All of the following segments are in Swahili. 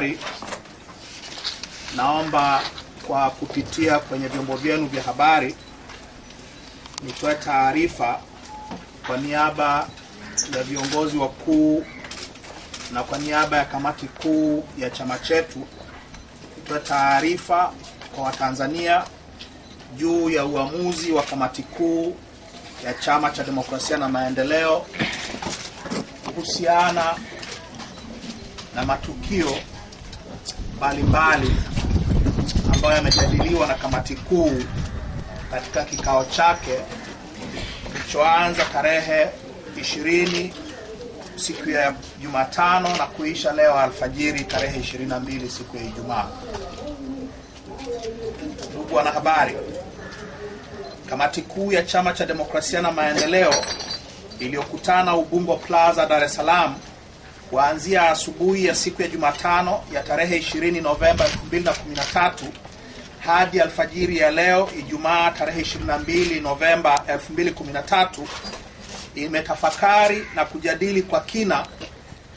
habari, naomba kwa kupitia kwenye vyombo vyenu vya habari nitoe taarifa kwa niaba ya viongozi wakuu na kwa niaba ya kamati kuu ya chama chetu, nitoe taarifa kwa Watanzania juu ya uamuzi wa kamati kuu ya Chama cha Demokrasia na Maendeleo kuhusiana na matukio mbalimbali ambayo yamejadiliwa na kamati kuu katika kikao chake kilichoanza tarehe 20 siku ya Jumatano na kuisha leo alfajiri tarehe 22 siku ya Ijumaa. Ndugu wanahabari, kamati kuu ya Chama cha Demokrasia na Maendeleo iliyokutana Ubungo Plaza, Dar es Salaam kuanzia asubuhi ya siku ya Jumatano ya tarehe 20 Novemba 2013 hadi alfajiri ya leo Ijumaa tarehe 22 Novemba 2013 imetafakari na kujadili kwa kina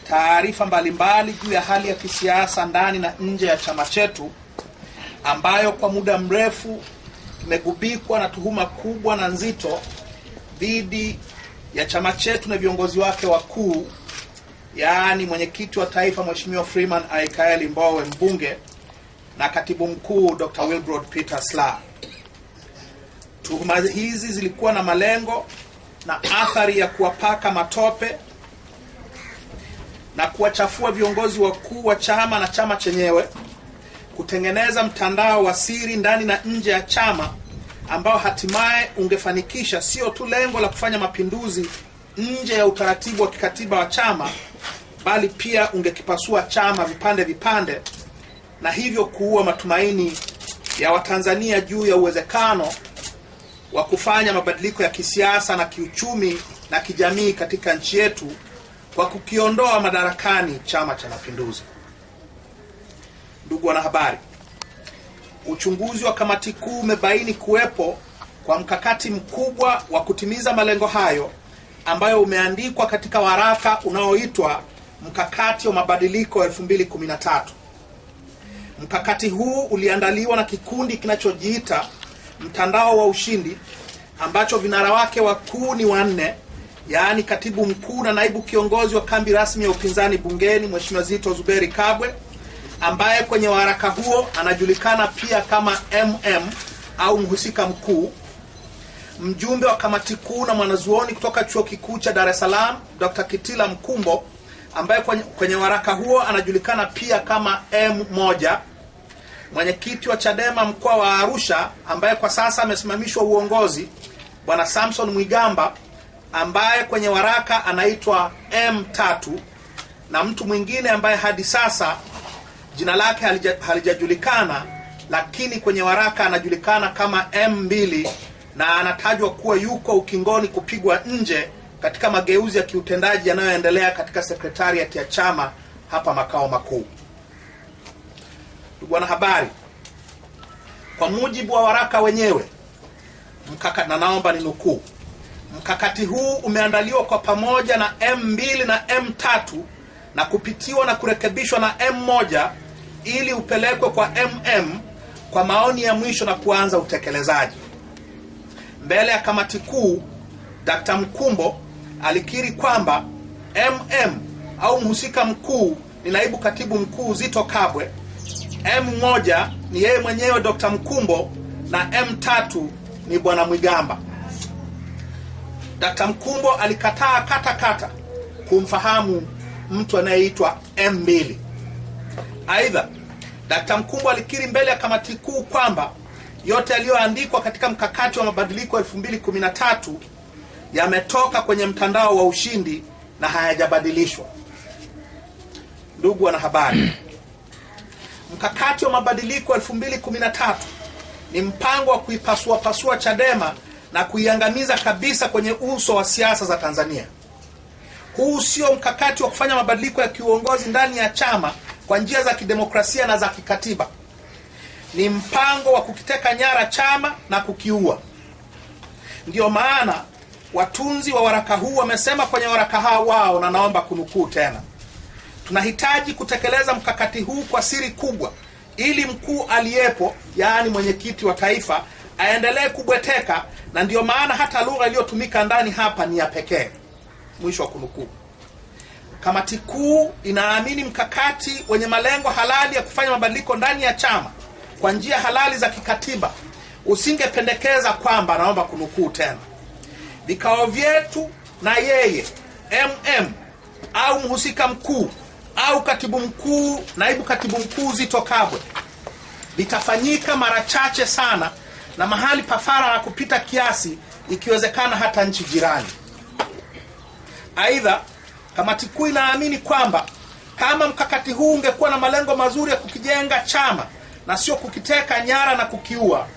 taarifa mbalimbali juu ya hali ya kisiasa ndani na nje ya chama chetu ambayo kwa muda mrefu imegubikwa na tuhuma kubwa na nzito dhidi ya chama chetu na viongozi wake wakuu yaani mwenyekiti wa taifa Mheshimiwa Freeman Aikaeli mbowe mbunge na katibu mkuu Dr. Wilbrod Peter sla Tuhuma hizi zilikuwa na malengo na athari ya kuwapaka matope na kuwachafua viongozi wakuu wa chama na chama chenyewe, kutengeneza mtandao wa siri ndani na nje ya chama ambao hatimaye ungefanikisha sio tu lengo la kufanya mapinduzi nje ya utaratibu wa kikatiba wa chama bali pia ungekipasua chama vipande vipande, na hivyo kuua matumaini ya Watanzania juu ya uwezekano wa kufanya mabadiliko ya kisiasa na kiuchumi na kijamii katika nchi yetu kwa kukiondoa madarakani Chama cha Mapinduzi. Ndugu wanahabari, uchunguzi wa kamati kuu umebaini kuwepo kwa mkakati mkubwa wa kutimiza malengo hayo ambayo umeandikwa katika waraka unaoitwa mkakati wa mabadiliko wa 2013. Mkakati huu uliandaliwa na kikundi kinachojiita Mtandao wa Ushindi ambacho vinara wake wakuu ni wanne, yaani katibu mkuu na naibu kiongozi wa kambi rasmi ya upinzani bungeni Mheshimiwa Zito Zuberi Kabwe ambaye kwenye waraka huo anajulikana pia kama MM au mhusika mkuu, mjumbe wa kamati kuu na mwanazuoni kutoka chuo kikuu cha Dar es Salaam Dr. Kitila Mkumbo ambaye kwenye, kwenye waraka huo anajulikana pia kama M1, mwenyekiti wa Chadema mkoa wa Arusha ambaye kwa sasa amesimamishwa uongozi, bwana Samson Mwigamba ambaye kwenye waraka anaitwa M3, na mtu mwingine ambaye hadi sasa jina lake halija, halijajulikana, lakini kwenye waraka anajulikana kama M2 na anatajwa kuwa yuko ukingoni kupigwa nje katika mageuzi ya kiutendaji yanayoendelea katika sekretariat ya chama hapa makao makuu. Ndugu wanahabari, kwa mujibu wa waraka wenyewe mkaka, na naomba ni nukuu, mkakati huu umeandaliwa kwa pamoja na M2 na M3 na kupitiwa na kurekebishwa na M1 ili upelekwe kwa MM kwa maoni ya mwisho na kuanza utekelezaji mbele ya kamati kuu. Dkt. Mkumbo alikiri kwamba MM au mhusika mkuu ni naibu katibu mkuu Zito Kabwe, M1 ni yeye mwenyewe Dr. Mkumbo na M3 ni bwana Mwigamba. Dr. Mkumbo alikataa kata kata kumfahamu mtu anayeitwa M2. Aidha, Dr. Mkumbo alikiri mbele ya kamati kuu kwamba yote yaliyoandikwa katika mkakati wa mabadiliko 2013 yametoka kwenye mtandao wa ushindi na hayajabadilishwa. Ndugu wanahabari, mkakati wa mabadiliko 2013 ni mpango wa kuipasua pasua Chadema na kuiangamiza kabisa kwenye uso wa siasa za Tanzania. Huu sio mkakati wa kufanya mabadiliko ya kiuongozi ndani ya chama kwa njia za kidemokrasia na za kikatiba. Ni mpango wa kukiteka nyara chama na kukiua. Ndiyo maana Watunzi wa waraka huu wamesema kwenye waraka hao wao, na naomba kunukuu tena: tunahitaji kutekeleza mkakati huu kwa siri kubwa, ili mkuu aliyepo, yaani mwenyekiti wa taifa, aendelee kubweteka, na ndiyo maana hata lugha iliyotumika ndani hapa ni ya pekee. Mwisho wa kunukuu. Kamati kuu inaamini mkakati wenye malengo halali ya kufanya mabadiliko ndani ya chama kwa njia halali za kikatiba usingependekeza kwamba, naomba kunukuu tena vikao vyetu na yeye mm au mhusika mkuu au katibu mkuu, naibu katibu mkuu zito Kabwe vitafanyika mara chache sana na mahali pafara na kupita kiasi, ikiwezekana hata nchi jirani. Aidha, kamati kuu inaamini kwamba kama mkakati huu ungekuwa na malengo mazuri ya kukijenga chama na sio kukiteka nyara na kukiua,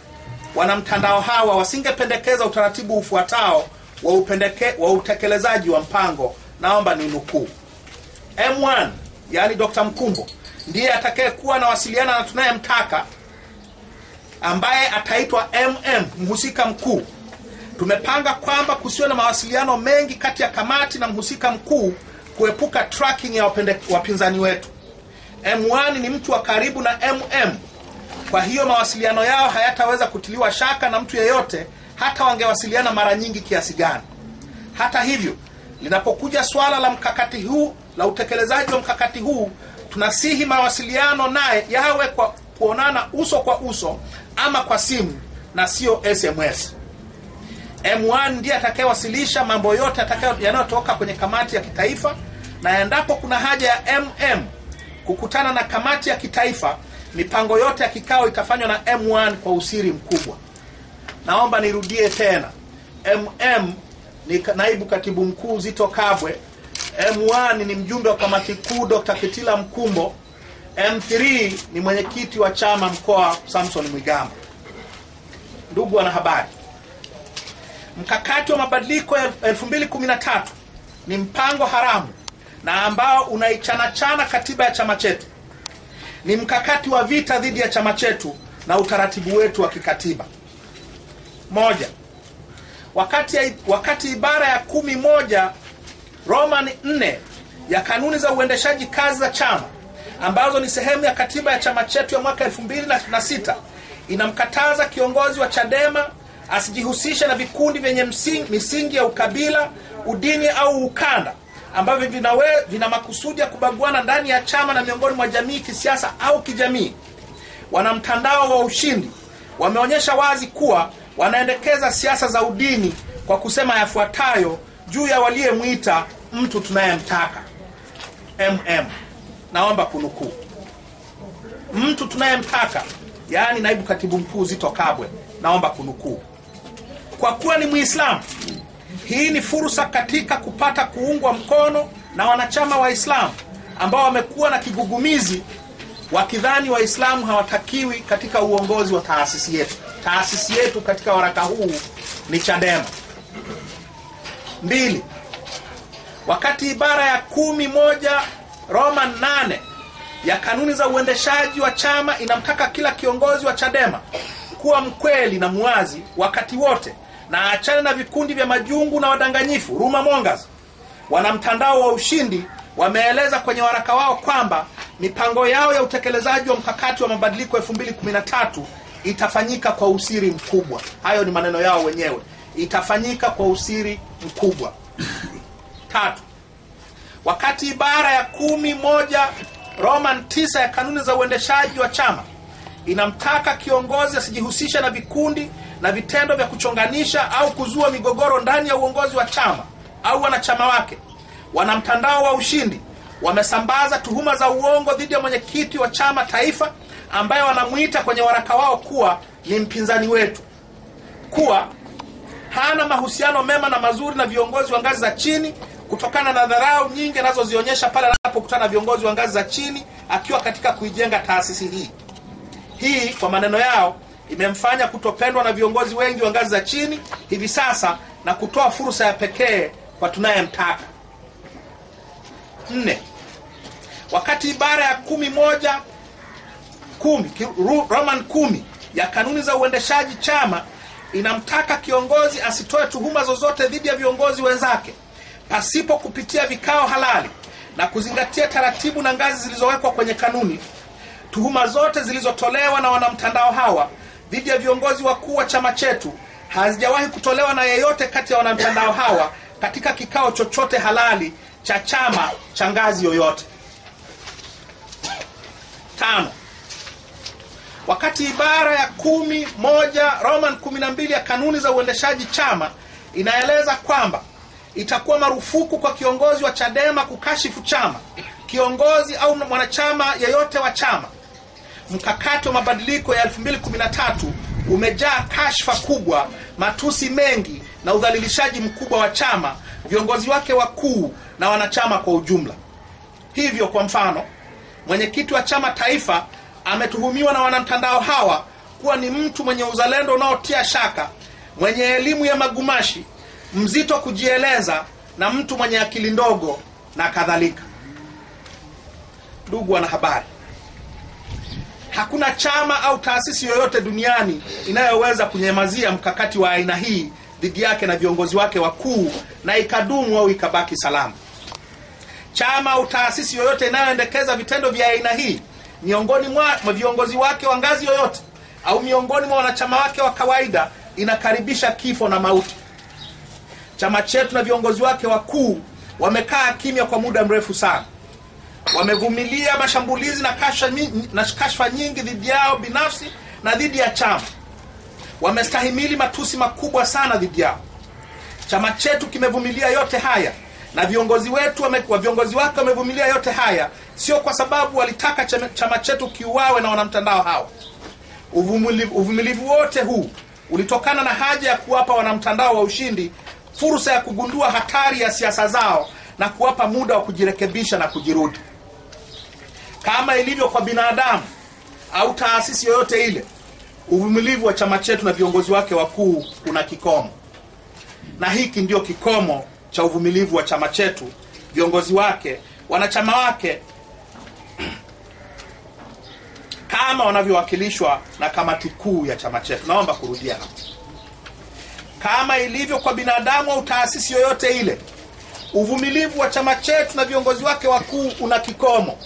wanamtandao hawa wasingependekeza utaratibu ufuatao wa, upendeke, wa utekelezaji wa mpango, naomba ni nukuu, M1 yaani Dr. Mkumbo ndiye atakayekuwa anawasiliana na tunayemtaka ambaye ataitwa MM, mhusika mkuu. Tumepanga kwamba kusiwe na mawasiliano mengi kati ya kamati na mhusika mkuu kuepuka tracking ya wapinzani wetu. M1 ni mtu wa karibu na MM, kwa hiyo mawasiliano yao hayataweza kutiliwa shaka na mtu yeyote hata wangewasiliana mara nyingi kiasi gani. Hata hivyo, linapokuja swala la mkakati huu la utekelezaji wa mkakati huu, tunasihi mawasiliano naye yawe kwa kuonana uso kwa uso ama kwa simu na sio SMS. M1 ndiye atakayewasilisha mambo yote yanayotoka kwenye kamati ya kitaifa, na endapo kuna haja ya MM kukutana na kamati ya kitaifa, mipango yote ya kikao itafanywa na M1 kwa usiri mkubwa naomba nirudie tena mm ni naibu katibu mkuu Zito Kabwe M1 ni mjumbe wa kamati kuu Dr. Kitila Mkumbo M3 ni mwenyekiti wa chama mkoa Samson Mwigamba ndugu wanahabari mkakati wa mabadiliko ya 2013 ni mpango haramu na ambao unaichanachana katiba ya chama chetu ni mkakati wa vita dhidi ya chama chetu na utaratibu wetu wa kikatiba moja. Wakati, wakati ibara ya kumi moja Roman nne ya kanuni za uendeshaji kazi za chama ambazo ni sehemu ya katiba ya chama chetu ya mwaka elfu mbili na sita inamkataza kiongozi wa Chadema asijihusisha na vikundi vyenye msingi, misingi ya ukabila, udini au ukanda ambavyo vina, vina makusudi ya kubaguana ndani ya chama na miongoni mwa jamii kisiasa au kijamii. Wanamtandao wa Ushindi wameonyesha wazi kuwa wanaendekeza siasa za udini kwa kusema yafuatayo juu ya waliyemwita mtu tunayemtaka mm. Naomba kunukuu. Mtu tunayemtaka yaani naibu katibu mkuu zito Kabwe, naomba kunukuu. Kwa kuwa ni Muislamu, hii ni fursa katika kupata kuungwa mkono na wanachama Waislamu ambao wamekuwa na kigugumizi wakidhani Waislamu hawatakiwi katika uongozi wa taasisi yetu taasisi yetu katika waraka huu ni Chadema. Mbili, wakati ibara ya kumi moja Roma nane ya kanuni za uendeshaji wa chama inamtaka kila kiongozi wa Chadema kuwa mkweli na mwazi wakati wote na achane na vikundi vya majungu na wadanganyifu. Ruma Mongas wana mtandao wa ushindi wameeleza kwenye waraka wao kwamba mipango yao ya utekelezaji wa mkakati wa mabadiliko itafanyika kwa usiri mkubwa. Hayo ni maneno yao wenyewe, itafanyika kwa usiri mkubwa. Tatu, wakati ibara ya kumi moja Roman tisa ya kanuni za uendeshaji wa chama inamtaka kiongozi asijihusisha na vikundi na vitendo vya kuchonganisha au kuzua migogoro ndani ya uongozi wa chama au wanachama wake. Wanamtandao wa Ushindi wamesambaza tuhuma za uongo dhidi ya mwenyekiti wa chama taifa ambaye wanamuita kwenye waraka wao kuwa ni mpinzani wetu, kuwa hana mahusiano mema na mazuri na viongozi wa ngazi za chini kutokana na dharau nyingi anazozionyesha pale anapokutana na viongozi wa ngazi za chini akiwa katika kuijenga taasisi hii. Hii kwa maneno yao imemfanya kutopendwa na viongozi wengi wa ngazi za chini hivi sasa na kutoa fursa ya pekee kwa tunayemtaka. Nne, wakati ibara ya kumi moja kumi, Roman kumi ya kanuni za uendeshaji chama inamtaka kiongozi asitoe tuhuma zozote dhidi ya viongozi wenzake pasipo kupitia vikao halali na kuzingatia taratibu na ngazi zilizowekwa kwenye kanuni. Tuhuma zote zilizotolewa na wanamtandao hawa dhidi ya viongozi wakuu wa chama chetu hazijawahi kutolewa na yeyote kati ya wanamtandao hawa katika kikao chochote halali cha chama cha ngazi yoyote. Tano wakati ibara ya kumi moja Roman kumi na mbili ya kanuni za uendeshaji chama inaeleza kwamba itakuwa marufuku kwa kiongozi wa Chadema kukashifu chama, kiongozi au mwanachama yeyote wa chama. Mkakati wa mabadiliko ya 2013 umejaa kashfa kubwa, matusi mengi na udhalilishaji mkubwa wa chama, viongozi wake wakuu na wanachama kwa ujumla. Hivyo, kwa mfano, mwenyekiti wa chama taifa ametuhumiwa na wanamtandao hawa kuwa ni mtu mwenye uzalendo unaotia shaka, mwenye elimu ya magumashi, mzito kujieleza na mtu mwenye akili ndogo na kadhalika. Ndugu wanahabari, hakuna chama au taasisi yoyote duniani inayoweza kunyamazia mkakati wa aina hii dhidi yake na viongozi wake wakuu na ikadumu au ikabaki salama. Chama au taasisi yoyote inayoendekeza vitendo vya aina hii miongoni mwa viongozi wake wa ngazi yoyote au miongoni mwa wanachama wake wa kawaida inakaribisha kifo na mauti. Chama chetu na viongozi wake wakuu wamekaa kimya kwa muda mrefu sana, wamevumilia mashambulizi na kashfa na kashfa nyingi dhidi yao binafsi na dhidi ya chama. Wamestahimili matusi makubwa sana dhidi yao. Chama chetu kimevumilia yote haya na viongozi wetu wa viongozi wake wamevumilia yote haya sio kwa sababu walitaka chama chetu kiuawe na wanamtandao hao. Uvumilivu, uvumilivu wote huu ulitokana na haja ya kuwapa wanamtandao wa ushindi fursa ya kugundua hatari ya siasa zao na kuwapa muda wa kujirekebisha na kujirudi. Kama ilivyo kwa binadamu au taasisi yoyote ile, uvumilivu wa chama chetu na viongozi wake wakuu una kikomo, na hiki ndio kikomo cha uvumilivu wa chama chetu, viongozi wake, wanachama wake kama wanavyowakilishwa na kamati kuu ya chama chetu. Naomba kurudia hapo, kama ilivyo kwa binadamu au taasisi yoyote ile, uvumilivu wa chama chetu na viongozi wake wakuu una kikomo,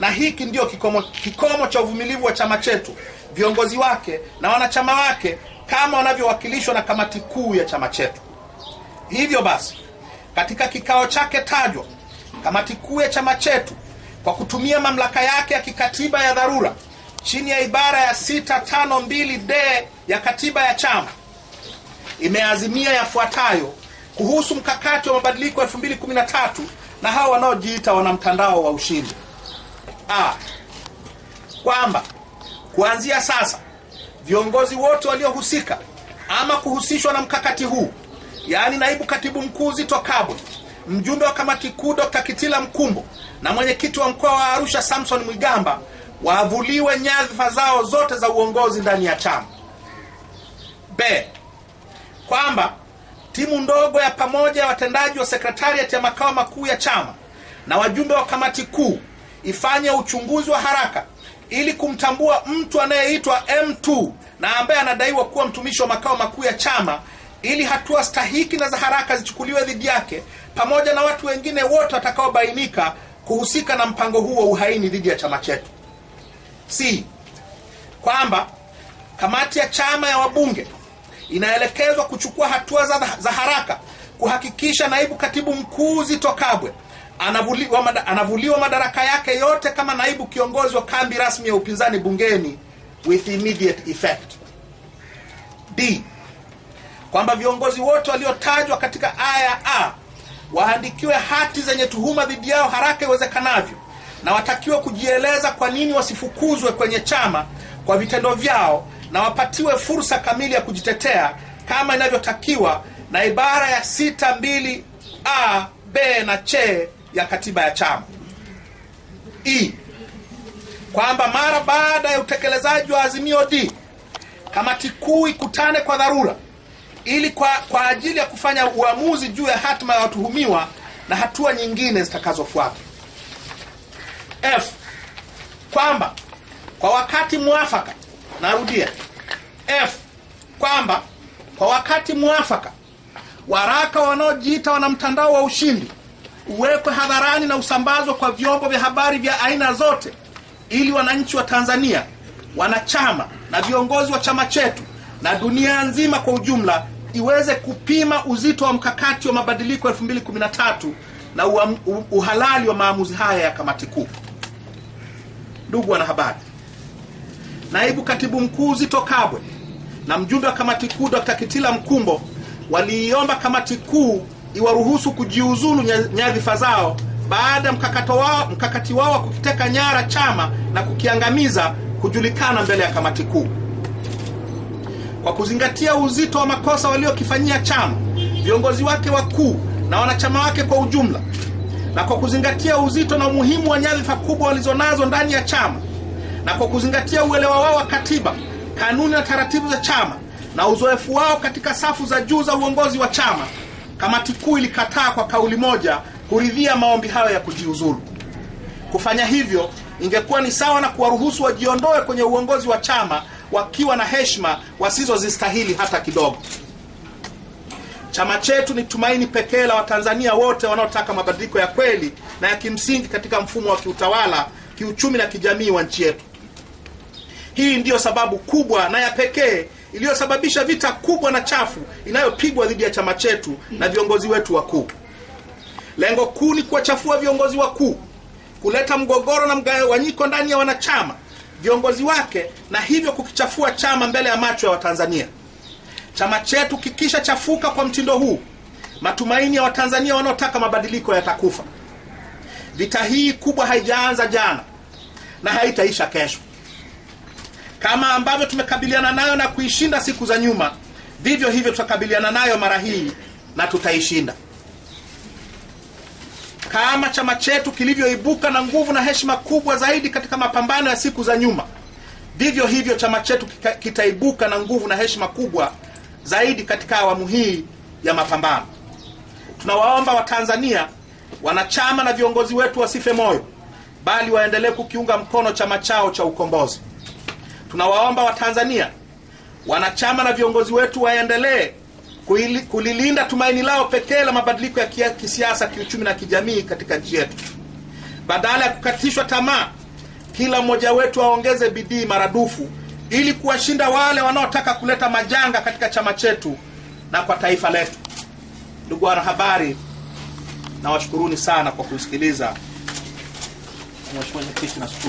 na hiki ndio kikomo, kikomo cha uvumilivu wa chama chetu, viongozi wake na wanachama wake, kama wanavyowakilishwa na kamati kuu ya chama chetu. Hivyo basi, katika kikao chake tajwa, kamati kuu ya chama chetu kwa kutumia mamlaka yake ya kikatiba ya dharura chini ya ibara ya 652 d ya katiba ya chama imeazimia yafuatayo kuhusu mkakati wa mabadiliko 2013 na hao wanaojiita wanamtandao wa ushindi A, kwamba kuanzia sasa viongozi wote waliohusika ama kuhusishwa na mkakati huu yaani naibu katibu mkuu zito Kabwe, mjumbe wa kamati kuu Dr. Kitila Mkumbo na mwenyekiti wa mkoa wa Arusha Samson Mwigamba wavuliwe nyadhifa zao zote za uongozi ndani ya chama. B. Kwamba timu ndogo ya pamoja ya watendaji wa sekretariat ya makao makuu ya chama na wajumbe wa kamati kuu ifanye uchunguzi wa haraka ili kumtambua mtu anayeitwa M2 na ambaye anadaiwa kuwa mtumishi wa makao makuu ya chama ili hatua stahiki na za haraka zichukuliwe dhidi yake pamoja na watu wengine wote watakaobainika kuhusika na mpango huu wa uhaini dhidi ya chama chetu. C. Kwamba kamati ya chama ya wabunge inaelekezwa kuchukua hatua za, za haraka kuhakikisha naibu katibu mkuu zitokabwe Kabwe anavuliwa, mada, anavuliwa madaraka yake yote kama naibu kiongozi wa kambi rasmi ya upinzani bungeni with immediate effect. D. Kwamba viongozi wote waliotajwa katika aya A waandikiwe hati zenye tuhuma dhidi yao haraka iwezekanavyo, na watakiwe kujieleza kwa nini wasifukuzwe kwenye chama kwa vitendo vyao, na wapatiwe fursa kamili ya kujitetea kama inavyotakiwa na ibara ya sita mbili a b na c ya katiba ya chama e, kwamba mara baada ya utekelezaji wa azimio D, kamati kuu ikutane kwa dharura ili kwa, kwa ajili ya kufanya uamuzi juu ya hatima ya watuhumiwa na hatua nyingine zitakazofuata. F kwamba kwa wakati mwafaka, narudia F kwamba kwa wakati mwafaka waraka wanaojiita wana mtandao wa ushindi uwekwe hadharani na usambazwa kwa vyombo vya habari vya aina zote, ili wananchi wa Tanzania, wanachama na viongozi wa chama chetu na dunia nzima kwa ujumla iweze kupima uzito wa mkakati wa mabadiliko 2013 na uhalali wa maamuzi haya ya kamati kuu. Ndugu wanahabari, naibu katibu mkuu zito Kabwe na mjumbe wa kamati kuu Dr. Kitila Mkumbo waliiomba kamati kuu iwaruhusu kujiuzulu nyadhifa zao baada ya mkakati wao wa kukiteka nyara chama na kukiangamiza kujulikana mbele ya kamati kuu. Kwa kuzingatia uzito wa makosa waliokifanyia chama, viongozi wake wakuu na wanachama wake kwa ujumla, na kwa kuzingatia uzito na umuhimu wa nyadhifa kubwa walizonazo ndani ya chama, na kwa kuzingatia uelewa wao wa katiba, kanuni na taratibu za chama na uzoefu wao katika safu za juu za uongozi wa chama, kamati kuu ilikataa kwa kauli moja kuridhia maombi hayo ya kujiuzulu. Kufanya hivyo ingekuwa ni sawa na kuwaruhusu wajiondoe kwenye uongozi wa chama wakiwa na heshima wasizozistahili hata kidogo. Chama chetu ni tumaini pekee la Watanzania wote wanaotaka mabadiliko ya kweli na ya kimsingi katika mfumo wa kiutawala, kiuchumi na kijamii wa nchi yetu. Hii ndiyo sababu kubwa na ya pekee iliyosababisha vita kubwa na chafu inayopigwa dhidi ya chama chetu na viongozi wetu wakuu. Lengo kuu ni kuwachafua viongozi wakuu, kuleta mgogoro na mgawanyiko ndani ya wanachama viongozi wake na hivyo kukichafua chama mbele ya macho ya Watanzania. Chama chetu kikisha chafuka kwa mtindo huu, matumaini ya Watanzania wanaotaka mabadiliko yatakufa. Vita hii kubwa haijaanza jana na haitaisha kesho. Kama ambavyo tumekabiliana nayo na kuishinda siku za nyuma, vivyo hivyo tutakabiliana nayo mara hii na tutaishinda kama chama chetu kilivyoibuka na nguvu na heshima kubwa zaidi katika mapambano ya siku za nyuma, vivyo hivyo chama chetu kitaibuka na nguvu na heshima kubwa zaidi katika awamu hii ya mapambano. Tunawaomba Watanzania, wanachama na viongozi wetu wasife moyo, bali waendelee kukiunga mkono chama chao cha ukombozi. Tunawaomba Watanzania, wanachama na viongozi wetu waendelee kulilinda tumaini lao pekee la mabadiliko ya kisiasa, kiuchumi na kijamii katika nchi yetu. Badala ya kukatishwa tamaa, kila mmoja wetu aongeze bidii maradufu ili kuwashinda wale wanaotaka kuleta majanga katika chama chetu na kwa taifa letu. Ndugu wanahabari, nawashukuruni sana kwa kusikiliza. Mheshimiwa Mwenyekiti, nashukuru.